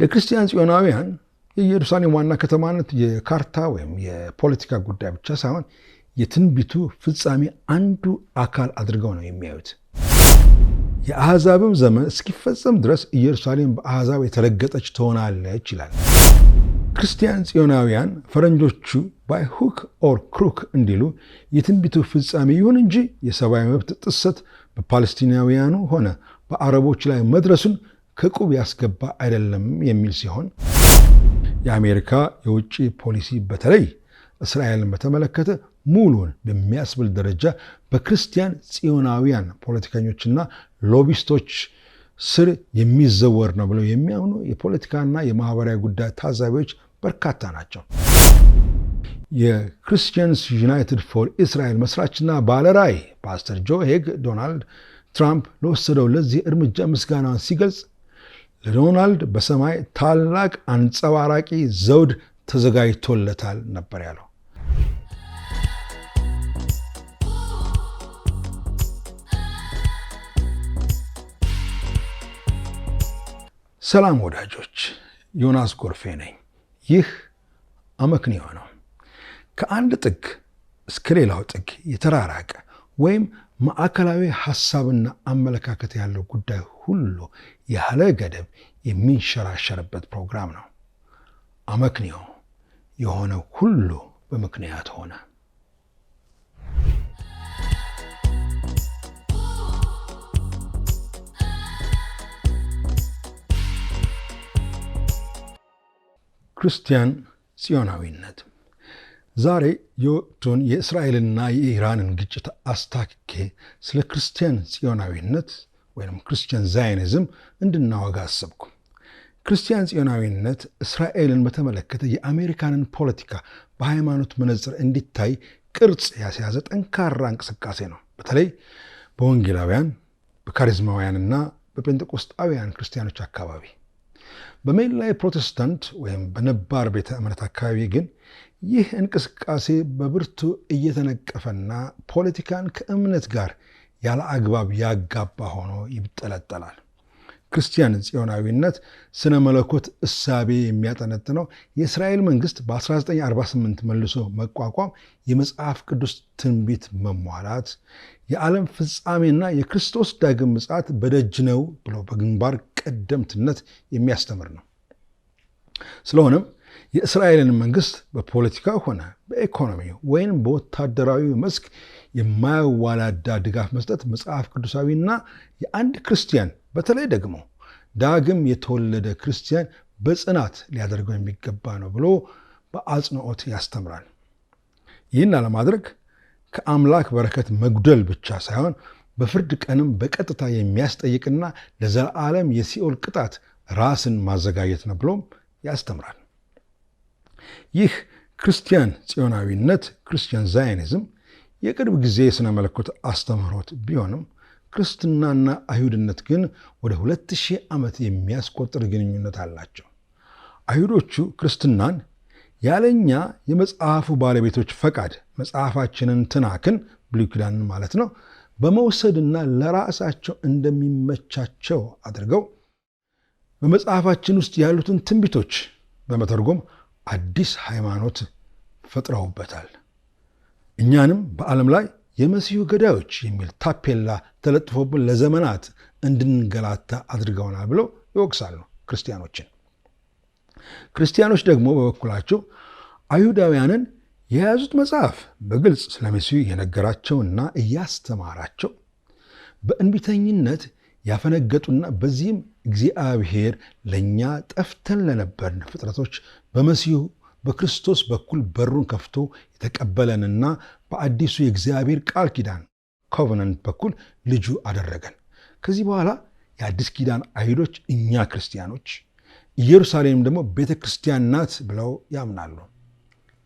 ለክርስቲያን ጽዮናውያን የኢየሩሳሌም ዋና ከተማነት የካርታ ወይም የፖለቲካ ጉዳይ ብቻ ሳይሆን የትንቢቱ ፍጻሜ አንዱ አካል አድርገው ነው የሚያዩት። የአሕዛብም ዘመን እስኪፈጸም ድረስ ኢየሩሳሌም በአሕዛብ የተረገጠች ትሆናለች ይላል። ክርስቲያን ጽዮናውያን ፈረንጆቹ ባይ ሁክ ኦር ክሩክ እንዲሉ የትንቢቱ ፍጻሜ ይሁን እንጂ የሰብአዊ መብት ጥሰት በፓለስቲናውያኑ ሆነ በአረቦች ላይ መድረሱን ከቁብ ያስገባ አይደለም የሚል ሲሆን የአሜሪካ የውጭ ፖሊሲ በተለይ እስራኤልን በተመለከተ ሙሉን በሚያስብል ደረጃ በክርስቲያን ጽዮናውያን ፖለቲከኞችና ሎቢስቶች ስር የሚዘወር ነው ብለው የሚያምኑ የፖለቲካና የማህበራዊ ጉዳይ ታዛቢዎች በርካታ ናቸው። የክርስቲያንስ ዩናይትድ ፎር እስራኤል መስራችና ባለራዕይ ፓስተር ጆ ሄግ ዶናልድ ትራምፕ ለወሰደው ለዚህ እርምጃ ምስጋናን ሲገልጽ ለዶናልድ በሰማይ ታላቅ አንጸባራቂ ዘውድ ተዘጋጅቶለታል ነበር ያለው። ሰላም ወዳጆች፣ ዮናስ ጎርፌ ነኝ። ይህ አመክንዮ ነው። ከአንድ ጥግ እስከ ሌላው ጥግ የተራራቀ ወይም ማዕከላዊ ሀሳብና አመለካከት ያለው ጉዳይ ሁሉ ያለ ገደብ የሚንሸራሸርበት ፕሮግራም ነው። አመክንዮ የሆነ ሁሉ በምክንያት ሆነ። ክርስቲያን ጽዮናዊነት ዛሬ የወቅቱን የእስራኤልና የኢራንን ግጭት አስታክኬ ስለ ክርስቲያን ጽዮናዊነት ወይም ክርስቲያን ዛይኒዝም እንድናወጋ አሰብኩ። ክርስቲያን ጽዮናዊነት እስራኤልን በተመለከተ የአሜሪካንን ፖለቲካ በሃይማኖት መነጽር እንዲታይ ቅርጽ ያስያዘ ጠንካራ እንቅስቃሴ ነው። በተለይ በወንጌላውያን በካሪዝማውያንና በጴንጠቆስጣውያን ክርስቲያኖች አካባቢ። በሜን ላይ ፕሮቴስታንት ወይም በነባር ቤተ እምነት አካባቢ ግን ይህ እንቅስቃሴ በብርቱ እየተነቀፈና ፖለቲካን ከእምነት ጋር ያለ አግባብ ያጋባ ሆኖ ይጠለጠላል። ክርስቲያን ጽዮናዊነት ስነ መለኮት እሳቤ የሚያጠነጥነው የእስራኤል መንግስት በ1948 መልሶ መቋቋም የመጽሐፍ ቅዱስ ትንቢት መሟላት የዓለም ፍጻሜና የክርስቶስ ዳግም ምጽአት በደጅ ነው ብሎ በግንባር ቀደምትነት የሚያስተምር ነው። ስለሆነም የእስራኤልን መንግስት በፖለቲካ ሆነ በኢኮኖሚ ወይም በወታደራዊ መስክ የማያዋላዳ ድጋፍ መስጠት መጽሐፍ ቅዱሳዊና የአንድ ክርስቲያን በተለይ ደግሞ ዳግም የተወለደ ክርስቲያን በጽናት ሊያደርገው የሚገባ ነው ብሎ በአጽንኦት ያስተምራል። ይህን አለማድረግ ከአምላክ በረከት መጉደል ብቻ ሳይሆን በፍርድ ቀንም በቀጥታ የሚያስጠይቅና ለዘላለም የሲኦል ቅጣት ራስን ማዘጋጀት ነው ብሎም ያስተምራል። ይህ ክርስቲያን ጽዮናዊነት ክርስቲያን ዛይኒዝም የቅርብ ጊዜ የሥነ መለኮት አስተምህሮት ቢሆንም ክርስትናና አይሁድነት ግን ወደ ሁለት ሺህ ዓመት የሚያስቆጥር ግንኙነት አላቸው። አይሁዶቹ ክርስትናን ያለኛ የመጽሐፉ ባለቤቶች ፈቃድ መጽሐፋችንን ትናክን ብሉይ ማለት ነው በመውሰድና ለራሳቸው እንደሚመቻቸው አድርገው በመጽሐፋችን ውስጥ ያሉትን ትንቢቶች በመተርጎም አዲስ ሃይማኖት ፈጥረውበታል። እኛንም በዓለም ላይ የመሲሁ ገዳዮች የሚል ታፔላ ተለጥፎብን ለዘመናት እንድንገላታ አድርገውናል ብለው ይወቅሳሉ ክርስቲያኖችን። ክርስቲያኖች ደግሞ በበኩላቸው አይሁዳውያንን የያዙት መጽሐፍ በግልጽ ስለ መሲሁ የነገራቸውና እያስተማራቸው በእንቢተኝነት ያፈነገጡና በዚህም እግዚአብሔር ለእኛ ጠፍተን ለነበርን ፍጥረቶች በመሲሁ በክርስቶስ በኩል በሩን ከፍቶ የተቀበለንና በአዲሱ የእግዚአብሔር ቃል ኪዳን ኮቨነንት በኩል ልጁ አደረገን። ከዚህ በኋላ የአዲስ ኪዳን አይሁዶች እኛ ክርስቲያኖች፣ ኢየሩሳሌም ደግሞ ቤተ ክርስቲያን ናት ብለው ያምናሉ።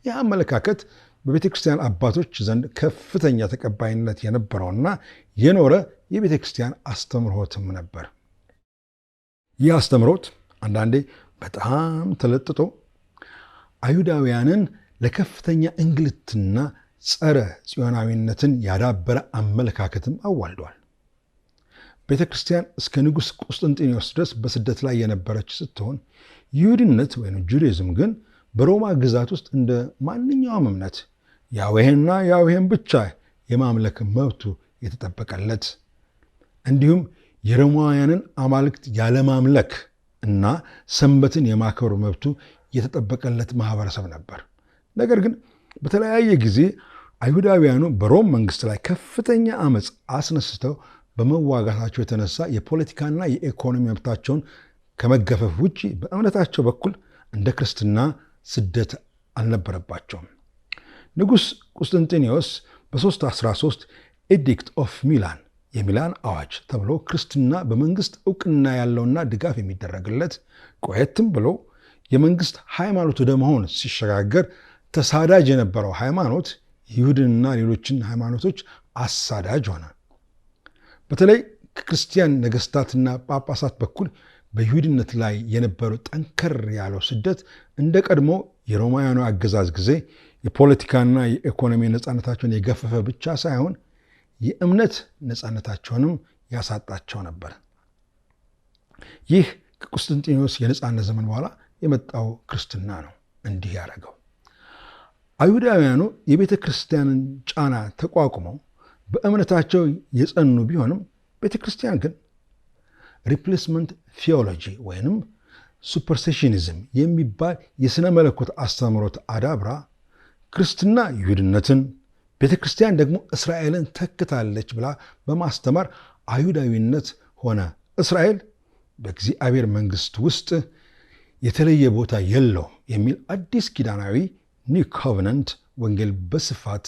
ይህ አመለካከት በቤተ ክርስቲያን አባቶች ዘንድ ከፍተኛ ተቀባይነት የነበረውና የኖረ የቤተ ክርስቲያን አስተምህሮትም ነበር። ይህ አስተምህሮት አንዳንዴ በጣም ተለጥጦ አይሁዳውያንን ለከፍተኛ እንግልትና ጸረ ጽዮናዊነትን ያዳበረ አመለካከትም አዋልዷል። ቤተ ክርስቲያን እስከ ንጉሥ ቁስጥንጢኖስ ድረስ በስደት ላይ የነበረች ስትሆን ይሁድነት ወይም ጁዳይዝም ግን በሮማ ግዛት ውስጥ እንደ ማንኛውም እምነት ያዌህና ያዌህን ብቻ የማምለክ መብቱ የተጠበቀለት እንዲሁም የሮማውያንን አማልክት ያለማምለክ እና ሰንበትን የማክበር መብቱ የተጠበቀለት ማህበረሰብ ነበር። ነገር ግን በተለያየ ጊዜ አይሁዳውያኑ በሮም መንግስት ላይ ከፍተኛ አመፅ አስነስተው በመዋጋታቸው የተነሳ የፖለቲካና የኢኮኖሚ መብታቸውን ከመገፈፍ ውጭ በእምነታቸው በኩል እንደ ክርስትና ስደት አልነበረባቸውም። ንጉሥ ቁስጥንጢኔዎስ በ313 ኤዲክት ኦፍ ሚላን የሚላን አዋጅ ተብሎ ክርስትና በመንግስት እውቅና ያለውና ድጋፍ የሚደረግለት ቆየትም ብሎ የመንግስት ሃይማኖት ወደ መሆን ሲሸጋገር ተሳዳጅ የነበረው ሃይማኖት ይሁድንና ሌሎችን ሃይማኖቶች አሳዳጅ ሆነ። በተለይ ከክርስቲያን ነገስታትና ጳጳሳት በኩል በይሁድነት ላይ የነበረው ጠንከር ያለው ስደት እንደ ቀድሞ የሮማውያኑ አገዛዝ ጊዜ የፖለቲካና የኢኮኖሚ ነፃነታቸውን የገፈፈ ብቻ ሳይሆን የእምነት ነፃነታቸውንም ያሳጣቸው ነበር። ይህ ከቁስጥንጢኖስ የነፃነት ዘመን በኋላ የመጣው ክርስትና ነው እንዲህ ያደረገው። አይሁዳውያኑ የቤተ ክርስቲያንን ጫና ተቋቁመው በእምነታቸው የጸኑ ቢሆንም ቤተ ክርስቲያን ግን ሪፕሌስመንት ቴዎሎጂ ወይንም ሱፐርሴሽኒዝም የሚባል የሥነ መለኮት አስተምህሮት አዳብራ ክርስትና ይሁድነትን ቤተ ክርስቲያን ደግሞ እስራኤልን ተክታለች ብላ በማስተማር አይሁዳዊነት ሆነ እስራኤል በእግዚአብሔር መንግሥት ውስጥ የተለየ ቦታ የለውም የሚል አዲስ ኪዳናዊ ኒው ኮቨነንት ወንጌል በስፋት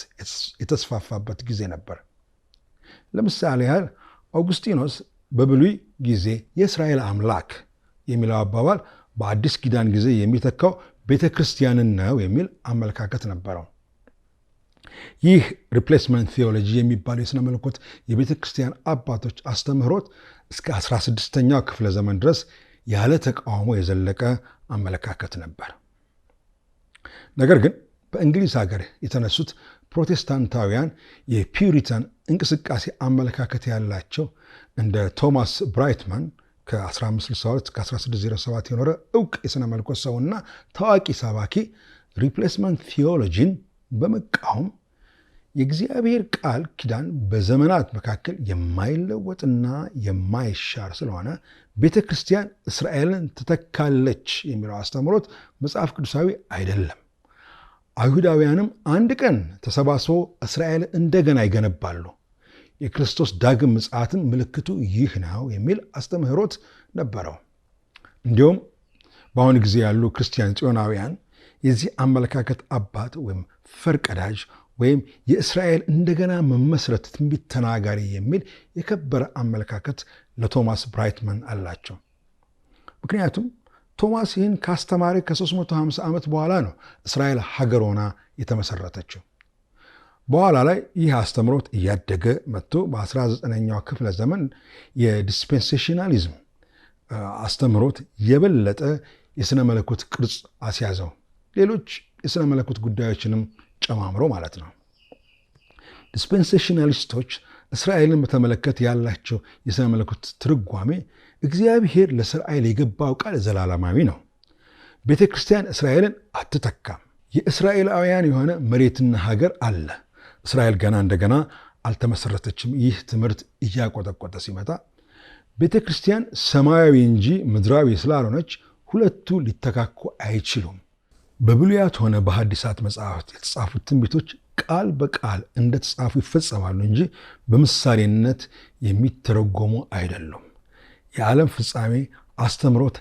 የተስፋፋበት ጊዜ ነበር። ለምሳሌ ያህል አውጉስጢኖስ በብሉይ ጊዜ የእስራኤል አምላክ የሚለው አባባል በአዲስ ኪዳን ጊዜ የሚተካው ቤተ ክርስቲያንን ነው የሚል አመለካከት ነበረው። ይህ ሪፕሌስመንት ቴዎሎጂ የሚባለው የሥነ መለኮት የቤተ ክርስቲያን አባቶች አስተምህሮት እስከ 16ኛው ክፍለ ዘመን ድረስ ያለ ተቃውሞ የዘለቀ አመለካከት ነበር። ነገር ግን በእንግሊዝ ሀገር የተነሱት ፕሮቴስታንታውያን የፒውሪተን እንቅስቃሴ አመለካከት ያላቸው እንደ ቶማስ ብራይትማን ከ1562 1607 የኖረ እውቅ የሥነ መልኮት ሰውና ታዋቂ ሰባኪ ሪፕሌስመንት ቴዎሎጂን በመቃወም የእግዚአብሔር ቃል ኪዳን በዘመናት መካከል የማይለወጥና የማይሻር ስለሆነ ቤተ ክርስቲያን እስራኤልን ትተካለች የሚለው አስተምህሮት መጽሐፍ ቅዱሳዊ አይደለም። አይሁዳውያንም አንድ ቀን ተሰባስበው እስራኤልን እንደገና ይገነባሉ፣ የክርስቶስ ዳግም ምጽአትም ምልክቱ ይህ ነው የሚል አስተምህሮት ነበረው። እንዲሁም በአሁኑ ጊዜ ያሉ ክርስቲያን ጽዮናውያን የዚህ አመለካከት አባት ወይም ፈርቀዳጅ ወይም የእስራኤል እንደገና መመስረት ትንቢት ተናጋሪ የሚል የከበረ አመለካከት ለቶማስ ብራይትመን አላቸው። ምክንያቱም ቶማስ ይህን ካስተማሪ ከ350 ዓመት በኋላ ነው እስራኤል ሀገር ሆና የተመሰረተችው። በኋላ ላይ ይህ አስተምሮት እያደገ መጥቶ በ19ኛው ክፍለ ዘመን የዲስፔንሴሽናሊዝም አስተምሮት የበለጠ የሥነ መለኮት ቅርጽ አስያዘው። ሌሎች የሥነ መለኮት ጉዳዮችንም ጨማምሮ ማለት ነው። ዲስፔንሴሽናሊስቶች እስራኤልን በተመለከት ያላቸው የሥነ መለኮት ትርጓሜ እግዚአብሔር ለእስራኤል የገባው ቃል ዘላለማዊ ነው። ቤተ ክርስቲያን እስራኤልን አትተካም። የእስራኤላውያን የሆነ መሬትና ሀገር አለ። እስራኤል ገና እንደገና አልተመሰረተችም። ይህ ትምህርት እያቆጠቆጠ ሲመጣ ቤተ ክርስቲያን ሰማያዊ እንጂ ምድራዊ ስላልሆነች ሁለቱ ሊተካኩ አይችሉም። በብሉያት ሆነ በሐዲሳት መጽሐፍት የተጻፉት ትንቢቶች ቃል በቃል እንደተጻፉ ይፈጸማሉ እንጂ በምሳሌነት የሚተረጎሙ አይደሉም። የዓለም ፍጻሜ አስተምሮት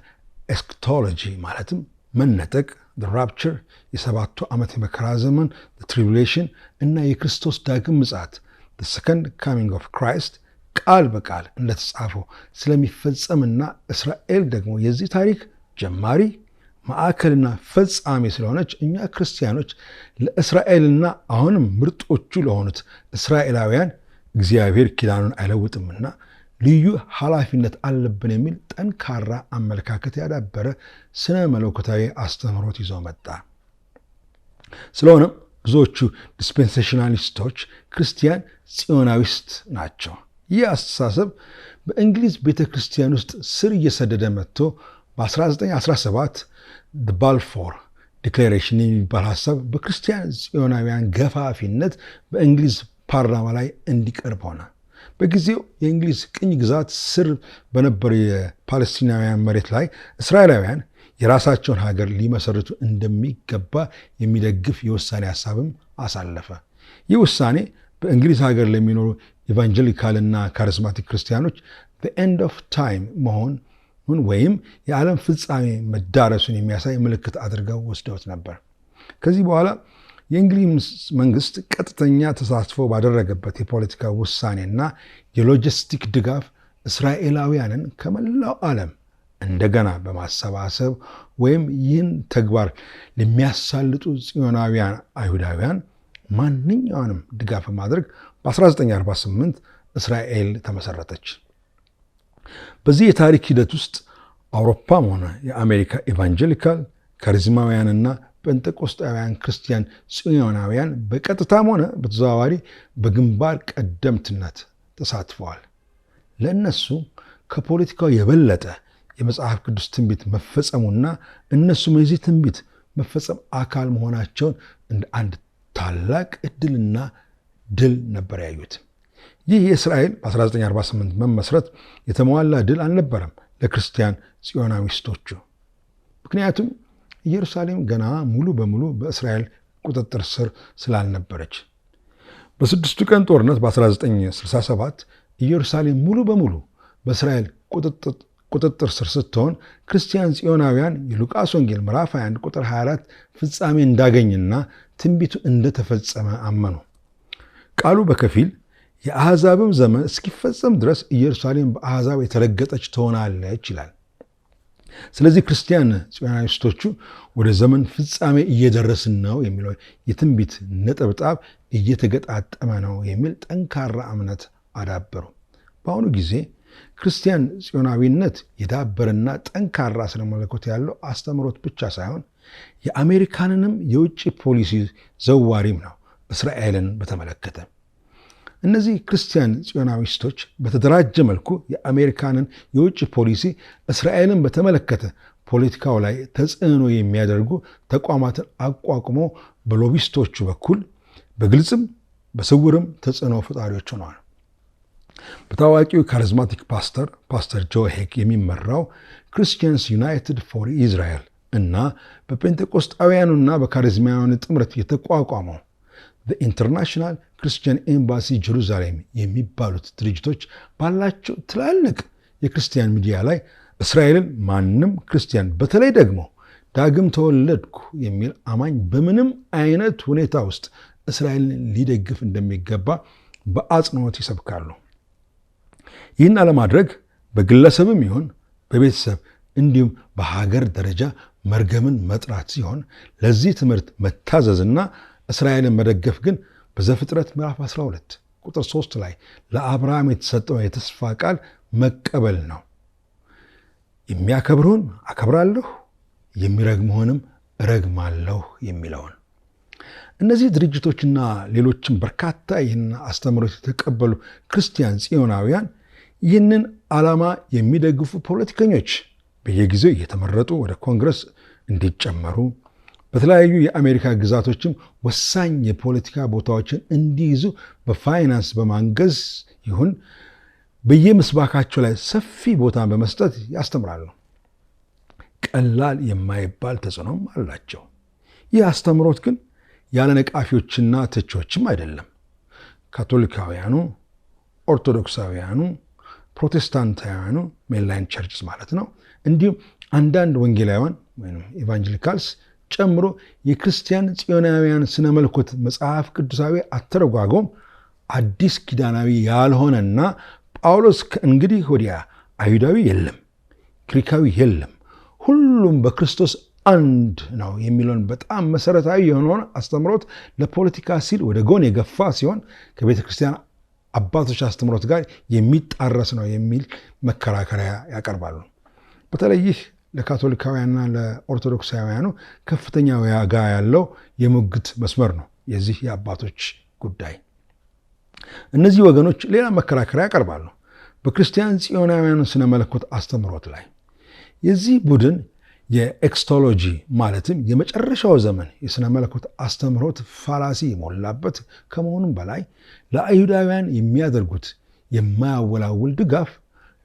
ኤስክቶሎጂ ማለትም መነጠቅ ራፕቸር፣ የሰባቱ ዓመት የመከራ ዘመን ትሪቡሌሽን እና የክርስቶስ ዳግም ምጽአት ሰከንድ ካሚንግ ኦፍ ክራይስት ቃል በቃል እንደተጻፈው ስለሚፈጸምና እስራኤል ደግሞ የዚህ ታሪክ ጀማሪ ማዕከልና ፈጻሚ ስለሆነች እኛ ክርስቲያኖች ለእስራኤልና አሁንም ምርጦቹ ለሆኑት እስራኤላውያን እግዚአብሔር ኪዳኑን አይለውጥምና ልዩ ኃላፊነት አለብን የሚል ጠንካራ አመለካከት ያዳበረ ስነ መለኮታዊ አስተምህሮት ይዞ መጣ። ስለሆነም ብዙዎቹ ዲስፔንሴሽናሊስቶች ክርስቲያን ጽዮናዊስት ናቸው። ይህ አስተሳሰብ በእንግሊዝ ቤተ ክርስቲያን ውስጥ ስር እየሰደደ መጥቶ በ1917 ባልፎር ዲክሌሬሽን የሚባል ሀሳብ በክርስቲያን ጽዮናውያን ገፋፊነት በእንግሊዝ ፓርላማ ላይ እንዲቀርብ ሆነ። በጊዜው የእንግሊዝ ቅኝ ግዛት ስር በነበሩ የፓለስቲናውያን መሬት ላይ እስራኤላውያን የራሳቸውን ሀገር ሊመሰርቱ እንደሚገባ የሚደግፍ የውሳኔ ሀሳብም አሳለፈ። ይህ ውሳኔ በእንግሊዝ ሀገር ለሚኖሩ ኢቫንጀሊካልና ካሪስማቲክ ክርስቲያኖች ኤንድ ኦፍ ታይም መሆን ወይም የዓለም ፍጻሜ መዳረሱን የሚያሳይ ምልክት አድርገው ወስደውት ነበር። ከዚህ በኋላ የእንግሊዝ መንግስት ቀጥተኛ ተሳትፎ ባደረገበት የፖለቲካ ውሳኔና የሎጂስቲክ ድጋፍ እስራኤላውያንን ከመላው ዓለም እንደገና በማሰባሰብ ወይም ይህን ተግባር ለሚያሳልጡ ጽዮናውያን አይሁዳውያን ማንኛውንም ድጋፍ በማድረግ በ1948 እስራኤል ተመሰረተች። በዚህ የታሪክ ሂደት ውስጥ አውሮፓም ሆነ የአሜሪካ ኤቫንጀሊካል ካሪዝማውያንና ጴንጠቆስጣውያን ክርስቲያን ጽዮናውያን በቀጥታም ሆነ በተዘዋዋሪ በግንባር ቀደምትነት ተሳትፈዋል። ለእነሱ ከፖለቲካው የበለጠ የመጽሐፍ ቅዱስ ትንቢት መፈጸሙና እነሱም የዚህ ትንቢት መፈጸም አካል መሆናቸውን እንደ አንድ ታላቅ እድልና ድል ነበር ያዩት። ይህ የእስራኤል በ1948 መመስረት የተሟላ ድል አልነበረም ለክርስቲያን ጽዮናዊስቶቹ። ምክንያቱም ኢየሩሳሌም ገና ሙሉ በሙሉ በእስራኤል ቁጥጥር ስር ስላልነበረች። በስድስቱ ቀን ጦርነት በ1967 ኢየሩሳሌም ሙሉ በሙሉ በእስራኤል ቁጥጥር ስር ስትሆን ክርስቲያን ጽዮናውያን የሉቃስ ወንጌል ምዕራፍ 21 ቁጥር 24 ፍጻሜ እንዳገኝና ትንቢቱ እንደተፈጸመ አመኑ። ቃሉ በከፊል የአሕዛብም ዘመን እስኪፈጸም ድረስ ኢየሩሳሌም በአሕዛብ የተረገጠች ትሆናለች ይላል። ስለዚህ ክርስቲያን ጽዮናዊስቶቹ ወደ ዘመን ፍጻሜ እየደረስን ነው የሚለው የትንቢት ነጠብጣብ እየተገጣጠመ ነው የሚል ጠንካራ እምነት አዳበሩ። በአሁኑ ጊዜ ክርስቲያን ጽዮናዊነት የዳበረና ጠንካራ ስነ መለኮት ያለው አስተምህሮት ብቻ ሳይሆን የአሜሪካንንም የውጭ ፖሊሲ ዘዋሪም ነው። እስራኤልን በተመለከተ እነዚህ ክርስቲያን ጽዮናዊስቶች በተደራጀ መልኩ የአሜሪካንን የውጭ ፖሊሲ እስራኤልን በተመለከተ ፖለቲካው ላይ ተጽዕኖ የሚያደርጉ ተቋማትን አቋቁሞ በሎቢስቶቹ በኩል በግልጽም በስውርም ተጽዕኖ ፈጣሪዎች ሆነዋል። በታዋቂው ካሪዝማቲክ ፓስተር ፓስተር ጆ ሄክ የሚመራው ክርስቲያንስ ዩናይትድ ፎር ኢዝራኤል እና በጴንጤቆስጣውያኑና በካሪዝማውያኑ ጥምረት የተቋቋመው ኢንተርናሽናል ክርስቲያን ኤምባሲ ጀሩዛሌም የሚባሉት ድርጅቶች ባላቸው ትላልቅ የክርስቲያን ሚዲያ ላይ እስራኤልን ማንም ክርስቲያን በተለይ ደግሞ ዳግም ተወለድኩ የሚል አማኝ በምንም አይነት ሁኔታ ውስጥ እስራኤልን ሊደግፍ እንደሚገባ በአጽንኦት ይሰብካሉ። ይህን አለማድረግ በግለሰብም ይሁን በቤተሰብ እንዲሁም በሀገር ደረጃ መርገምን መጥራት ሲሆን ለዚህ ትምህርት መታዘዝና እስራኤልን መደገፍ ግን በዘፍጥረት ምዕራፍ 12 ቁጥር 3 ላይ ለአብርሃም የተሰጠው የተስፋ ቃል መቀበል ነው። የሚያከብርሁን አከብራለሁ፣ የሚረግምሁንም እረግማለሁ የሚለውን እነዚህ ድርጅቶችና ሌሎችም በርካታ ይህን አስተምህሮት የተቀበሉ ክርስቲያን ጽዮናውያን ይህንን ዓላማ የሚደግፉ ፖለቲከኞች በየጊዜው እየተመረጡ ወደ ኮንግረስ እንዲጨመሩ በተለያዩ የአሜሪካ ግዛቶችም ወሳኝ የፖለቲካ ቦታዎችን እንዲይዙ በፋይናንስ በማንገዝ ይሁን በየምስባካቸው ላይ ሰፊ ቦታን በመስጠት ያስተምራሉ። ቀላል የማይባል ተጽዕኖም አላቸው። ይህ አስተምሮት ግን ያለ ነቃፊዎችና ተቺዎችም አይደለም። ካቶሊካውያኑ፣ ኦርቶዶክሳውያኑ፣ ፕሮቴስታንታውያኑ ሜንላይን ቸርችስ ማለት ነው፣ እንዲሁም አንዳንድ ወንጌላውያን ወይም ኢቫንጀሊካልስ ጨምሮ የክርስቲያን ጽዮናውያን ስነ መለኮት መጽሐፍ ቅዱሳዊ አተረጓጎም አዲስ ኪዳናዊ ያልሆነና ጳውሎስ ከእንግዲህ ወዲያ አይሁዳዊ የለም፣ ግሪካዊ የለም፣ ሁሉም በክርስቶስ አንድ ነው የሚለውን በጣም መሰረታዊ የሆነውን አስተምሮት ለፖለቲካ ሲል ወደ ጎን የገፋ ሲሆን ከቤተ ክርስቲያን አባቶች አስተምሮት ጋር የሚጣረስ ነው የሚል መከራከሪያ ያቀርባሉ። በተለይ ለካቶሊካውያንና ለኦርቶዶክሳውያኑ ከፍተኛ ዋጋ ያለው የሙግት መስመር ነው የዚህ የአባቶች ጉዳይ። እነዚህ ወገኖች ሌላ መከራከሪያ ያቀርባሉ በክርስቲያን ጽዮናውያን ስነ መለኮት ላይ። የዚህ ቡድን የኤክስቶሎጂ ማለትም የመጨረሻው ዘመን የስነመለኮት መለኮት ፋላሲ የሞላበት ከመሆኑም በላይ ለአይሁዳውያን የሚያደርጉት የማያወላውል ድጋፍ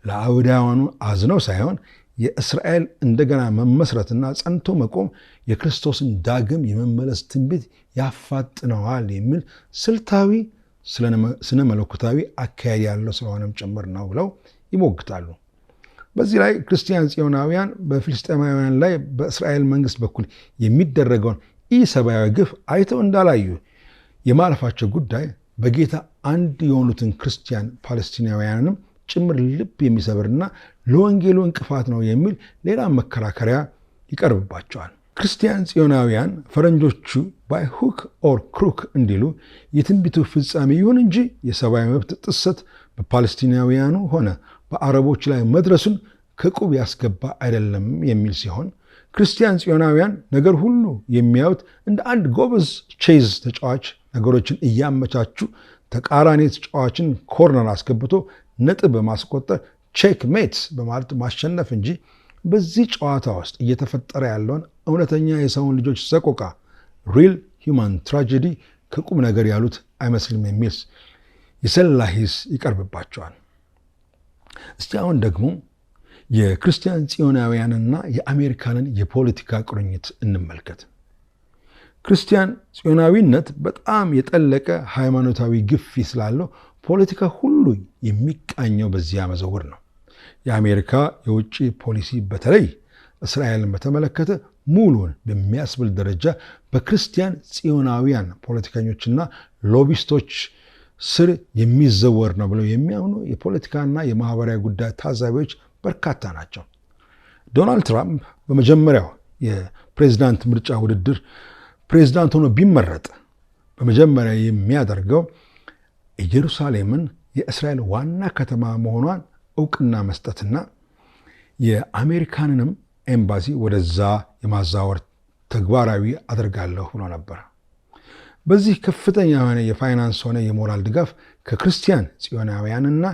ለአይሁዳውያኑ አዝነው ሳይሆን የእስራኤል እንደገና መመስረትና ጸንቶ መቆም የክርስቶስን ዳግም የመመለስ ትንቢት ያፋጥነዋል የሚል ስልታዊ ስነ መለኮታዊ አካሄድ ያለው ስለሆነም ጭምር ነው ብለው ይሞግታሉ። በዚህ ላይ ክርስቲያን ጽዮናውያን በፊልስጤማውያን ላይ በእስራኤል መንግስት በኩል የሚደረገውን ኢሰብአዊ ግፍ አይተው እንዳላዩ የማለፋቸው ጉዳይ በጌታ አንድ የሆኑትን ክርስቲያን ፓለስቲናውያንንም ጭምር ልብ የሚሰብርና ለወንጌሉ እንቅፋት ነው የሚል ሌላ መከራከሪያ ይቀርብባቸዋል። ክርስቲያን ጽዮናውያን ፈረንጆቹ ባይ ሁክ ኦር ክሩክ እንዲሉ የትንቢቱ ፍጻሜ ይሁን እንጂ የሰብአዊ መብት ጥሰት በፓለስቲናውያኑ ሆነ በአረቦች ላይ መድረሱን ከቁብ ያስገባ አይደለም የሚል ሲሆን ክርስቲያን ጽዮናውያን ነገር ሁሉ የሚያዩት እንደ አንድ ጎበዝ ቼዝ ተጫዋች ነገሮችን እያመቻቹ ተቃራኒ ተጫዋችን ኮርነር አስገብቶ ነጥብ በማስቆጠር ቼክ ሜትስ በማለት ማሸነፍ እንጂ በዚህ ጨዋታ ውስጥ እየተፈጠረ ያለውን እውነተኛ የሰውን ልጆች ሰቆቃ ሪል ሂውማን ትራጀዲ ከቁም ነገር ያሉት አይመስልም የሚል የሰላ ሂስ ይቀርብባቸዋል። እስቲ አሁን ደግሞ የክርስቲያን ጽዮናውያንና የአሜሪካንን የፖለቲካ ቁርኝት እንመልከት። ክርስቲያን ጽዮናዊነት በጣም የጠለቀ ሃይማኖታዊ ግፊ ስላለው ፖለቲካ ሁሉ የሚቃኘው በዚያ መዘውር ነው። የአሜሪካ የውጭ ፖሊሲ በተለይ እስራኤልን በተመለከተ ሙሉን በሚያስብል ደረጃ በክርስቲያን ጽዮናውያን ፖለቲከኞችና ሎቢስቶች ስር የሚዘወር ነው ብለው የሚያምኑ የፖለቲካና የማህበራዊ ጉዳይ ታዛቢዎች በርካታ ናቸው። ዶናልድ ትራምፕ በመጀመሪያው የፕሬዚዳንት ምርጫ ውድድር ፕሬዚዳንት ሆኖ ቢመረጥ በመጀመሪያ የሚያደርገው ኢየሩሳሌምን የእስራኤል ዋና ከተማ መሆኗን እውቅና መስጠትና የአሜሪካንንም ኤምባሲ ወደዛ የማዛወር ተግባራዊ አድርጋለሁ ብሎ ነበር። በዚህ ከፍተኛ የሆነ የፋይናንስ ሆነ የሞራል ድጋፍ ከክርስቲያን ጽዮናውያንና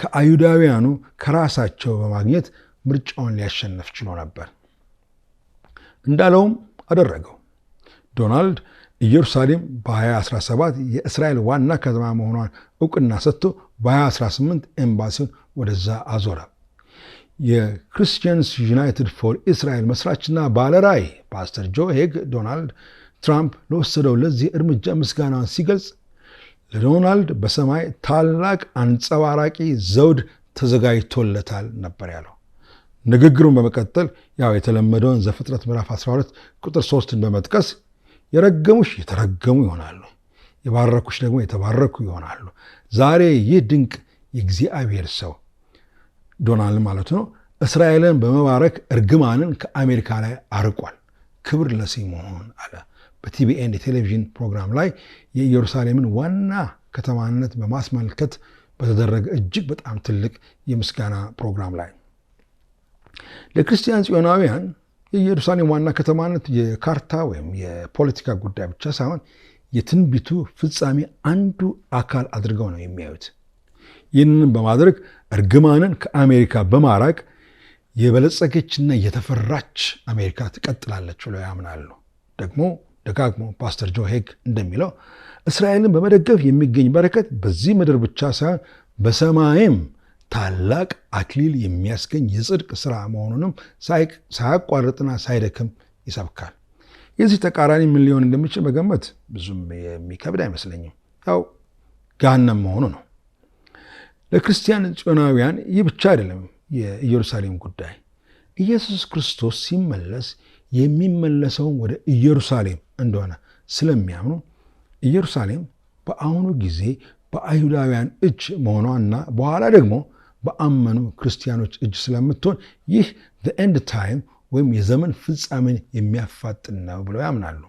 ከአይሁዳውያኑ ከራሳቸው በማግኘት ምርጫውን ሊያሸንፍ ችሎ ነበር። እንዳለውም አደረገው። ዶናልድ ኢየሩሳሌም በ2017 የእስራኤል ዋና ከተማ መሆኗን እውቅና ሰጥቶ በ2018 ኤምባሲውን ወደዛ አዞረ። የክርስቲያንስ ዩናይትድ ፎር እስራኤል መስራችና ባለራይ ፓስተር ጆ ሄግ ዶናልድ ትራምፕ ለወሰደው ለዚህ እርምጃ ምስጋናውን ሲገልጽ ለዶናልድ በሰማይ ታላቅ አንጸባራቂ ዘውድ ተዘጋጅቶለታል ነበር ያለው። ንግግሩን በመቀጠል ያው የተለመደውን ዘፍጥረት ምዕራፍ 12 ቁጥር 3ን በመጥቀስ የረገሙሽ የተረገሙ ይሆናሉ፣ የባረኩሽ ደግሞ የተባረኩ ይሆናሉ። ዛሬ ይህ ድንቅ የእግዚአብሔር ሰው ዶናልድ ማለት ነው እስራኤልን በመባረክ እርግማንን ከአሜሪካ ላይ አርቋል። ክብር ለስሙ አለ። በቲቢኤን የቴሌቪዥን ፕሮግራም ላይ የኢየሩሳሌምን ዋና ከተማነት በማስመልከት በተደረገ እጅግ በጣም ትልቅ የምስጋና ፕሮግራም ላይ ለክርስቲያን ጽዮናውያን የኢየሩሳሌም ዋና ከተማነት የካርታ ወይም የፖለቲካ ጉዳይ ብቻ ሳይሆን የትንቢቱ ፍጻሜ አንዱ አካል አድርገው ነው የሚያዩት። ይህንን በማድረግ እርግማንን ከአሜሪካ በማራቅ የበለጸገችና የተፈራች አሜሪካ ትቀጥላለች ብለው ያምናሉ። ደግሞ ደጋግሞ ፓስተር ጆ ሄግ እንደሚለው እስራኤልን በመደገፍ የሚገኝ በረከት በዚህ ምድር ብቻ ሳይሆን በሰማይም ታላቅ አክሊል የሚያስገኝ የጽድቅ ስራ መሆኑንም ሳያቋርጥና ሳይደክም ይሰብካል። የዚህ ተቃራኒ ምን ሊሆን እንደሚችል መገመት ብዙም የሚከብድ አይመስለኝም። ያው ገሃነም መሆኑ ነው። ለክርስቲያን ጽዮናውያን ይህ ብቻ አይደለም የኢየሩሳሌም ጉዳይ። ኢየሱስ ክርስቶስ ሲመለስ የሚመለሰውም ወደ ኢየሩሳሌም እንደሆነ ስለሚያምኑ ኢየሩሳሌም በአሁኑ ጊዜ በአይሁዳውያን እጅ መሆኗ እና በኋላ ደግሞ በአመኑ ክርስቲያኖች እጅ ስለምትሆን ይህ ኤንድ ታይም ወይም የዘመን ፍጻሜን የሚያፋጥን ነው ብለው ያምናሉ።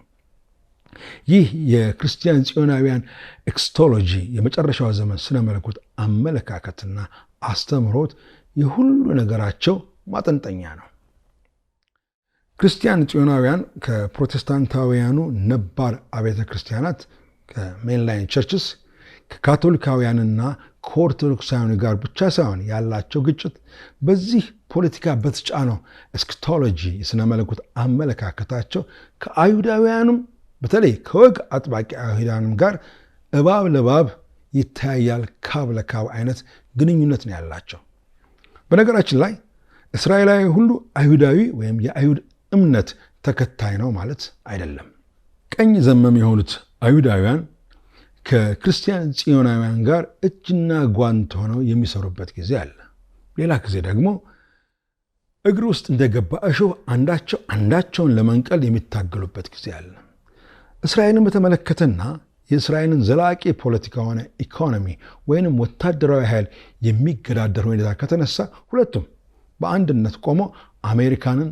ይህ የክርስቲያን ጽዮናውያን ኤክስቶሎጂ የመጨረሻው ዘመን ስነ መለኮት አመለካከትና አስተምህሮት የሁሉ ነገራቸው ማጠንጠኛ ነው። ክርስቲያን ጽዮናውያን ከፕሮቴስታንታውያኑ ነባር አብያተ ክርስቲያናት ከሜንላይን ቸርችስ ከካቶሊካውያንና ከኦርቶዶክሳውያኑ ጋር ብቻ ሳይሆን ያላቸው ግጭት በዚህ ፖለቲካ በተጫነው እስክቶሎጂ የሥነ መለኮት አመለካከታቸው ከአይሁዳውያኑም በተለይ ከወግ አጥባቂ አይሁዳውያኑም ጋር እባብ ለባብ ይተያያል፣ ካብ ለካብ አይነት ግንኙነት ነው ያላቸው። በነገራችን ላይ እስራኤላዊ ሁሉ አይሁዳዊ ወይም የአይሁድ እምነት ተከታይ ነው ማለት አይደለም። ቀኝ ዘመም የሆኑት አይሁዳውያን ከክርስቲያን ጽዮናውያን ጋር እጅና ጓንት ሆነው የሚሰሩበት ጊዜ አለ። ሌላ ጊዜ ደግሞ እግር ውስጥ እንደገባ እሾህ አንዳቸው አንዳቸውን ለመንቀል የሚታገሉበት ጊዜ አለ። እስራኤልን በተመለከተና የእስራኤልን ዘላቂ ፖለቲካ ሆነ ኢኮኖሚ ወይንም ወታደራዊ ኃይል የሚገዳደር ሁኔታ ከተነሳ ሁለቱም በአንድነት ቆሞ አሜሪካንን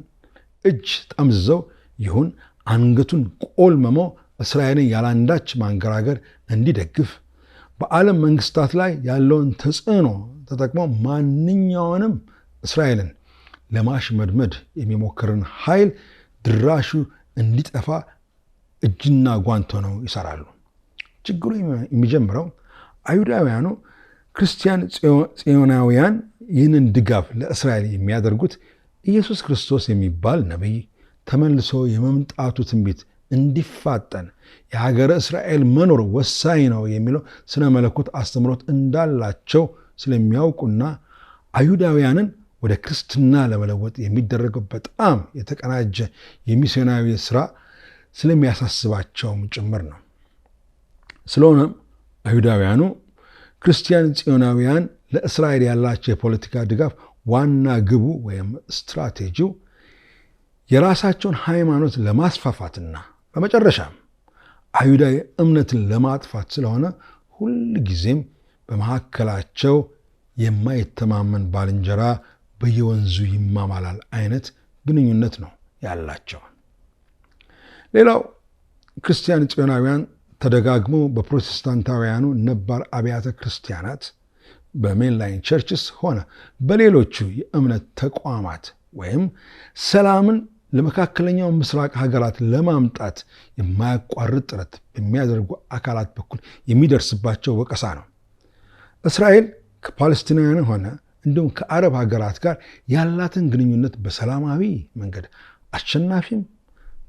እጅ ጠምዝዘው ይሁን አንገቱን ቆልመሞ እስራኤልን ያላንዳች ማንገራገር እንዲደግፍ በዓለም መንግስታት ላይ ያለውን ተጽዕኖ ተጠቅሞ ማንኛውንም እስራኤልን ለማሽመድመድ የሚሞክርን ኃይል ድራሹ እንዲጠፋ እጅና ጓንት ሆነው ይሰራሉ። ችግሩ የሚጀምረው አይሁዳውያኑ ክርስቲያን ጽዮናውያን ይህንን ድጋፍ ለእስራኤል የሚያደርጉት ኢየሱስ ክርስቶስ የሚባል ነቢይ ተመልሶ የመምጣቱ ትንቢት እንዲፋጠን የሀገረ እስራኤል መኖር ወሳኝ ነው የሚለው ስነ መለኮት አስተምሮት እንዳላቸው ስለሚያውቁና አይሁዳውያንን ወደ ክርስትና ለመለወጥ የሚደረገው በጣም የተቀናጀ የሚስዮናዊ ስራ ስለሚያሳስባቸውም ጭምር ነው። ስለሆነም አይሁዳውያኑ ክርስቲያን ጽዮናውያን ለእስራኤል ያላቸው የፖለቲካ ድጋፍ ዋና ግቡ ወይም ስትራቴጂው የራሳቸውን ሃይማኖት ለማስፋፋትና በመጨረሻም አይሁዳዊ እምነትን ለማጥፋት ስለሆነ ሁል ጊዜም በመካከላቸው የማይተማመን ባልንጀራ በየወንዙ ይማማላል አይነት ግንኙነት ነው ያላቸው። ሌላው ክርስቲያን ጽዮናውያን ተደጋግሞ በፕሮቴስታንታውያኑ ነባር አብያተ ክርስቲያናት በሜንላይን ቸርችስ ሆነ በሌሎቹ የእምነት ተቋማት ወይም ሰላምን ለመካከለኛው ምስራቅ ሀገራት ለማምጣት የማያቋርጥ ጥረት በሚያደርጉ አካላት በኩል የሚደርስባቸው ወቀሳ ነው። እስራኤል ከፓለስቲናውያን ሆነ እንዲሁም ከአረብ ሀገራት ጋር ያላትን ግንኙነት በሰላማዊ መንገድ አሸናፊም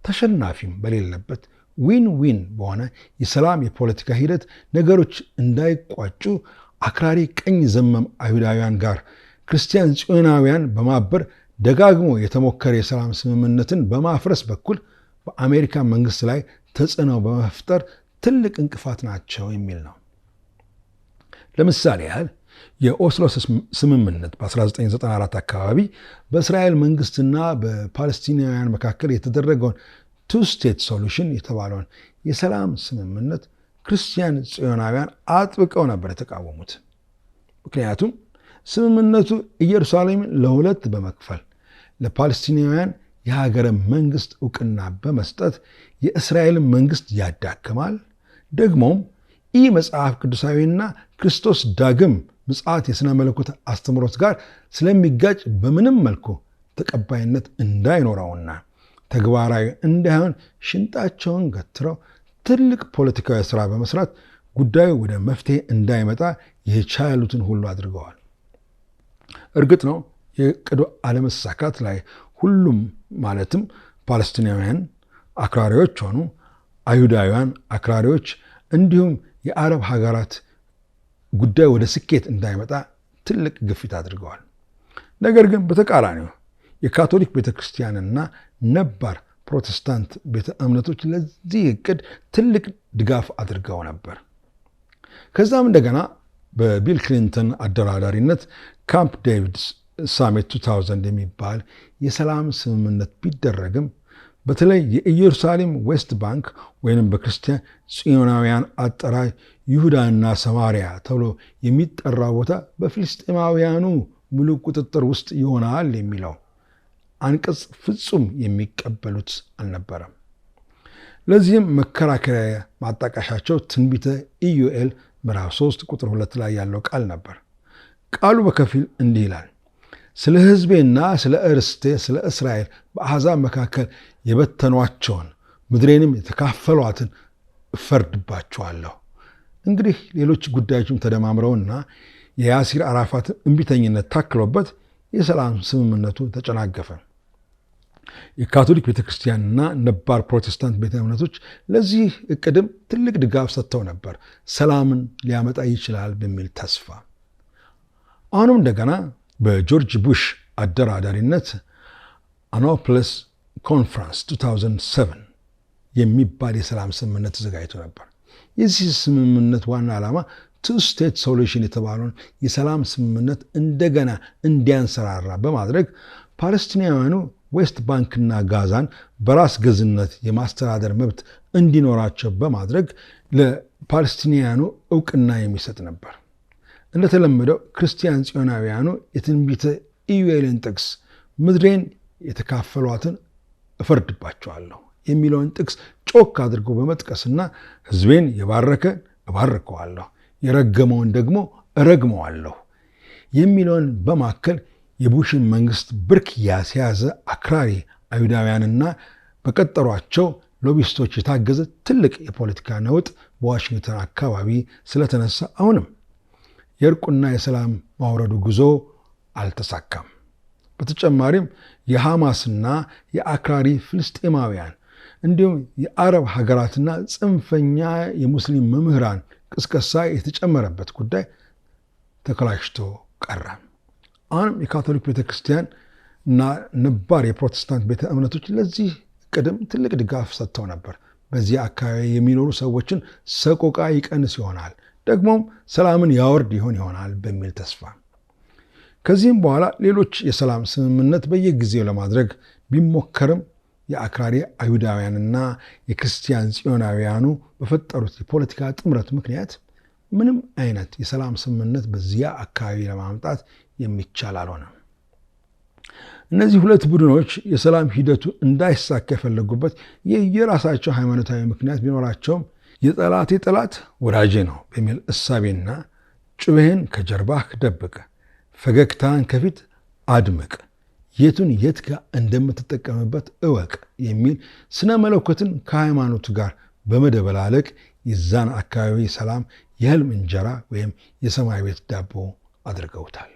ተሸናፊም በሌለበት ዊን ዊን በሆነ የሰላም የፖለቲካ ሂደት ነገሮች እንዳይቋጩ አክራሪ ቀኝ ዘመም አይሁዳውያን ጋር ክርስቲያን ጽዮናውያን በማበር ደጋግሞ የተሞከረ የሰላም ስምምነትን በማፍረስ በኩል በአሜሪካ መንግስት ላይ ተጽዕኖ በመፍጠር ትልቅ እንቅፋት ናቸው የሚል ነው። ለምሳሌ ያህል የኦስሎ ስምምነት በ1994 አካባቢ በእስራኤል መንግስትና በፓለስቲናውያን መካከል የተደረገውን ቱ ስቴት ሶሉሽን የተባለውን የሰላም ስምምነት ክርስቲያን ጽዮናውያን አጥብቀው ነበር የተቃወሙት። ምክንያቱም ስምምነቱ ኢየሩሳሌምን ለሁለት በመክፈል ለፓለስቲናውያን የሀገረ መንግስት እውቅና በመስጠት የእስራኤልን መንግስት ያዳክማል። ደግሞም ይህ መጽሐፍ ቅዱሳዊና ክርስቶስ ዳግም ምጽአት የሥነ መለኮት አስተምህሮት ጋር ስለሚጋጭ በምንም መልኩ ተቀባይነት እንዳይኖረውና ተግባራዊ እንዳይሆን ሽንጣቸውን ገትረው ትልቅ ፖለቲካዊ ሥራ በመስራት ጉዳዩ ወደ መፍትሄ እንዳይመጣ የቻሉትን ሁሉ አድርገዋል። እርግጥ ነው የዕቅዱ አለመሳካት ላይ ሁሉም ማለትም ፓለስቲናውያን አክራሪዎች ሆኑ አይሁዳውያን አክራሪዎች እንዲሁም የአረብ ሀገራት ጉዳይ ወደ ስኬት እንዳይመጣ ትልቅ ግፊት አድርገዋል። ነገር ግን በተቃራኒው የካቶሊክ ቤተ ክርስቲያንና ነባር ፕሮቴስታንት ቤተ እምነቶች ለዚህ እቅድ ትልቅ ድጋፍ አድርገው ነበር። ከዛም እንደገና በቢል ክሊንተን አደራዳሪነት ካምፕ ዴቪድስ ሳሜት 2000 የሚባል የሰላም ስምምነት ቢደረግም በተለይ የኢየሩሳሌም ዌስት ባንክ ወይም በክርስቲያን ጽዮናውያን አጠራር ይሁዳና ሰማሪያ ተብሎ የሚጠራ ቦታ በፊልስጤማውያኑ ሙሉ ቁጥጥር ውስጥ ይሆናል የሚለው አንቀጽ ፍጹም የሚቀበሉት አልነበረም። ለዚህም መከራከሪያ ማጣቀሻቸው ትንቢተ ኢዩኤል ምዕራፍ 3 ቁጥር 2 ላይ ያለው ቃል ነበር። ቃሉ በከፊል እንዲህ ይላል ስለ ሕዝቤና ስለ እርስቴ ስለ እስራኤል በአሕዛብ መካከል የበተኗቸውን ምድሬንም የተካፈሏትን እፈርድባቸዋለሁ። እንግዲህ ሌሎች ጉዳዮችም ተደማምረውና የያሲር አራፋት እምቢተኝነት ታክሎበት የሰላም ስምምነቱ ተጨናገፈ። የካቶሊክ ቤተክርስቲያንና ነባር ፕሮቴስታንት ቤተ እምነቶች ለዚህ እቅድም ትልቅ ድጋፍ ሰጥተው ነበር፣ ሰላምን ሊያመጣ ይችላል በሚል ተስፋ አሁንም እንደገና በጆርጅ ቡሽ አደራዳሪነት አናፖሊስ ኮንፍራንስ 2007 የሚባል የሰላም ስምምነት ተዘጋጅቶ ነበር። የዚህ ስምምነት ዋና ዓላማ ቱ ስቴት ሶሉሽን የተባለውን የሰላም ስምምነት እንደገና እንዲያንሰራራ በማድረግ ፓለስቲናውያኑ ዌስት ባንክና ጋዛን በራስ ገዝነት የማስተዳደር መብት እንዲኖራቸው በማድረግ ለፓለስቲናውያኑ እውቅና የሚሰጥ ነበር። እንደተለመደው ክርስቲያን ጽዮናውያኑ የትንቢተ ኢዩኤልን ጥቅስ ምድሬን የተካፈሏትን እፈርድባቸዋለሁ የሚለውን ጥቅስ ጮክ አድርጎ በመጥቀስና ሕዝቤን የባረከ እባርከዋለሁ፣ የረገመውን ደግሞ እረግመዋለሁ የሚለውን በማከል የቡሽን መንግስት ብርክ ያስያዘ አክራሪ አይሁዳውያንና በቀጠሯቸው ሎቢስቶች የታገዘ ትልቅ የፖለቲካ ነውጥ በዋሽንግተን አካባቢ ስለተነሳ አሁንም የእርቁና የሰላም ማውረዱ ጉዞ አልተሳካም። በተጨማሪም የሐማስና የአክራሪ ፍልስጤማውያን እንዲሁም የአረብ ሀገራትና ጽንፈኛ የሙስሊም መምህራን ቅስቀሳ የተጨመረበት ጉዳይ ተከላሽቶ ቀረ። አሁንም የካቶሊክ ቤተ ክርስቲያን እና ነባር የፕሮቴስታንት ቤተ እምነቶች ለዚህ ቅድም ትልቅ ድጋፍ ሰጥተው ነበር። በዚህ አካባቢ የሚኖሩ ሰዎችን ሰቆቃ ይቀንስ ይሆናል ደግሞም ሰላምን ያወርድ ይሆን ይሆናል በሚል ተስፋ ከዚህም በኋላ ሌሎች የሰላም ስምምነት በየጊዜው ለማድረግ ቢሞከርም የአክራሪ አይሁዳውያንና የክርስቲያን ጽዮናውያኑ በፈጠሩት የፖለቲካ ጥምረት ምክንያት ምንም አይነት የሰላም ስምምነት በዚያ አካባቢ ለማምጣት የሚቻል አልሆነም። እነዚህ ሁለት ቡድኖች የሰላም ሂደቱ እንዳይሳካ የፈለጉበት የየራሳቸው ሃይማኖታዊ ምክንያት ቢኖራቸውም የጠላቴ ጠላት ወዳጄ ነው በሚል እሳቤና ጩቤህን ከጀርባህ ደብቅ፣ ፈገግታህን ከፊት አድምቅ፣ የቱን የት ጋር እንደምትጠቀምበት እወቅ የሚል ስነ መለኮትን ከሃይማኖቱ ጋር በመደበላለቅ የዛን አካባቢ ሰላም የህልም እንጀራ ወይም የሰማይ ቤት ዳቦ አድርገውታል።